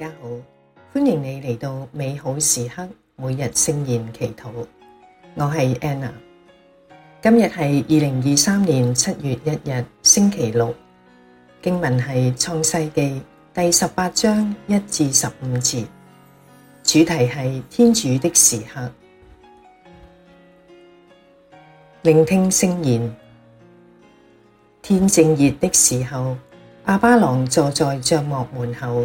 大家好，歡迎你嚟到美好時刻每日聖言祈禱，我係 Anna。今日係二零二三年七月一日星期六，經文係創世紀第十八章一至十五節，主題係天主的時刻。聆聽聖言，天正熱的時候，亞巴郎坐在帳幕門口。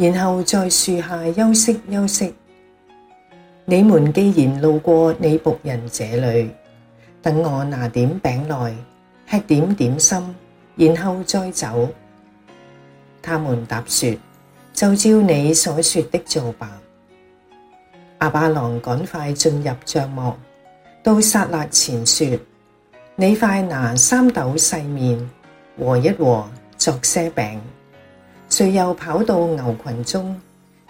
然後在樹下休息休息。你們既然路過你僕人這裏，等我拿點餅來，吃點點心，然後再走。他們答說：就照你所說的做吧。亞巴郎趕快進入帳幕，到撒辣前說：你快拿三斗細麵，和一和，作些餅。遂又跑到牛群中，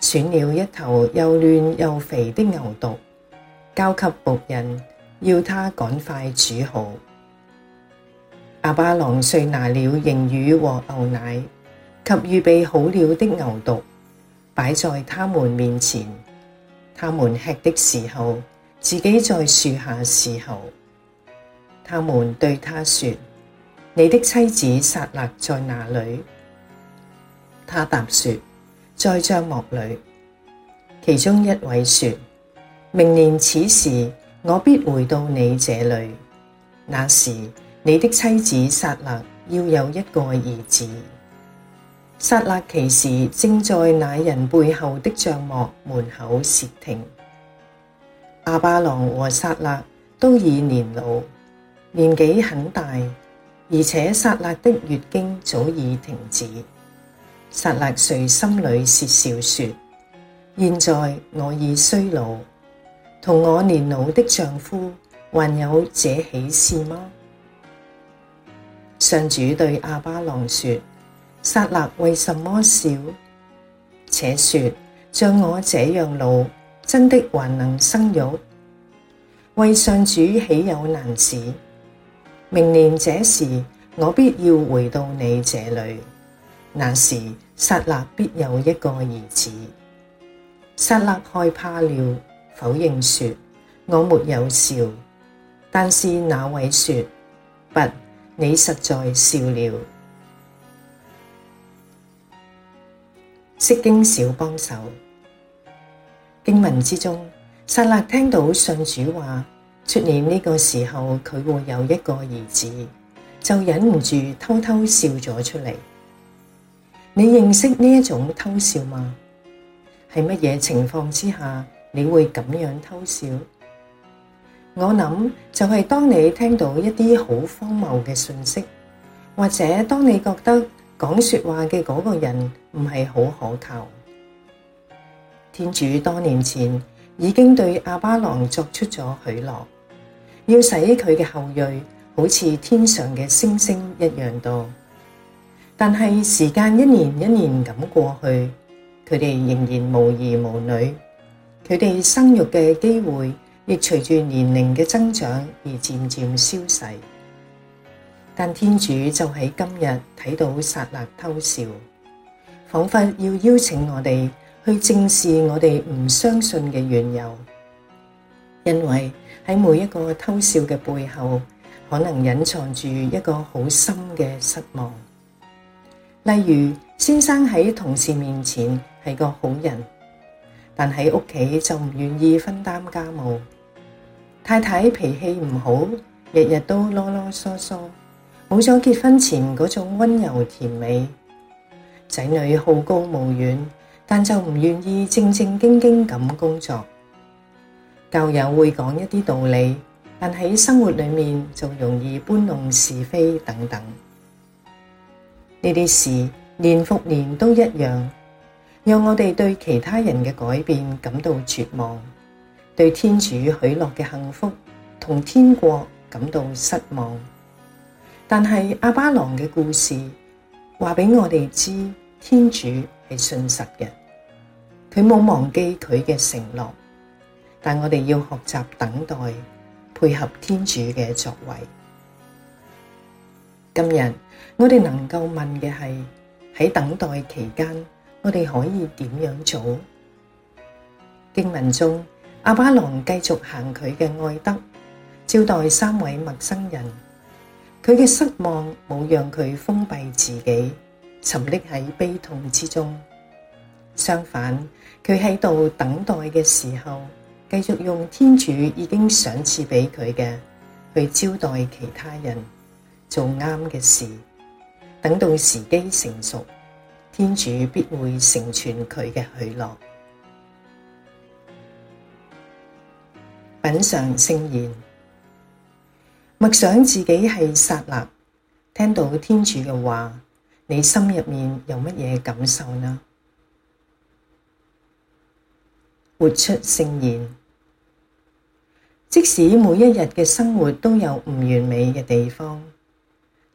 選了一頭又嫩又肥的牛犢，交給僕人，要他趕快煮好。亞巴郎遂拿了凝乳和牛奶及預備好了的牛犢，擺在他們面前。他們吃的時候，自己在樹下侍候。他們對他說：你的妻子撒辣在哪裏？他答說：在帳幕裏，其中一位說：明年此時，我必回到你這裏。那時，你的妻子撒辣要有一個兒子。撒辣其時正在那人背後的帳幕門口竊聽。亞巴郎和撒辣都已年老，年紀很大，而且撒辣的月經早已停止。撒辣遂心裏竊笑說：現在我已衰老，同我年老的丈夫，還有這喜事嗎？上主對亞巴郎說：撒辣為什麼笑？且說，像我這樣老，真的還能生育？為上主豈有難事？明年這時，我必要回到你這裏。那時撒辣必有一個兒子。撒辣害怕了，否認說：我沒有笑。但是那位說：不，你實在笑了。釋經小幫手，經文之中，撒辣聽到信主話出年呢個時候佢會有一個兒子，就忍唔住偷偷笑咗出嚟。你認識呢一種偷笑嗎？係乜嘢情況之下你會咁樣偷笑？我諗就係當你聽到一啲好荒謬嘅信息，或者當你覺得講說話嘅嗰個人唔係好可靠。天主多年前已經對亞巴郎作出咗許諾，要使佢嘅後裔好似天上嘅星星一樣多。但係時間一年一年咁過去，佢哋仍然無兒無女，佢哋生育嘅機會亦隨住年齡嘅增長而漸漸消逝。但天主就喺今日睇到撒辣偷笑，仿佛要邀請我哋去正視我哋唔相信嘅緣由，因為喺每一個偷笑嘅背後，可能隱藏住一個好深嘅失望。例如，先生喺同事面前係個好人，但喺屋企就唔願意分擔家務。太太脾氣唔好，日日都囉囉嗦嗦，冇咗結婚前嗰種溫柔甜美。仔女好高騖遠，但就唔願意正正經經咁工作。教友會講一啲道理，但喺生活裏面就容易搬弄是非等等。呢啲事年復年都一樣，讓我哋對其他人嘅改變感到絕望，對天主許諾嘅幸福同天國感到失望。但係亞巴郎嘅故事話俾我哋知，天主係信實嘅，佢冇忘記佢嘅承諾。但我哋要學習等待，配合天主嘅作為。今日我哋能夠問嘅係，喺等待期間，我哋可以點樣做？經文中，亞巴郎繼續行佢嘅愛德，招待三位陌生人。佢嘅失望冇讓佢封閉自己，沉溺喺悲痛之中。相反，佢喺度等待嘅時候，繼續用天主已經賞賜畀佢嘅去招待其他人。做啱嘅事，等到時機成熟，天主必會成全佢嘅許諾。品嘗聖言，默想自己係撒辣，聽到天主嘅話，你心入面有乜嘢感受呢？活出聖言，即使每一日嘅生活都有唔完美嘅地方。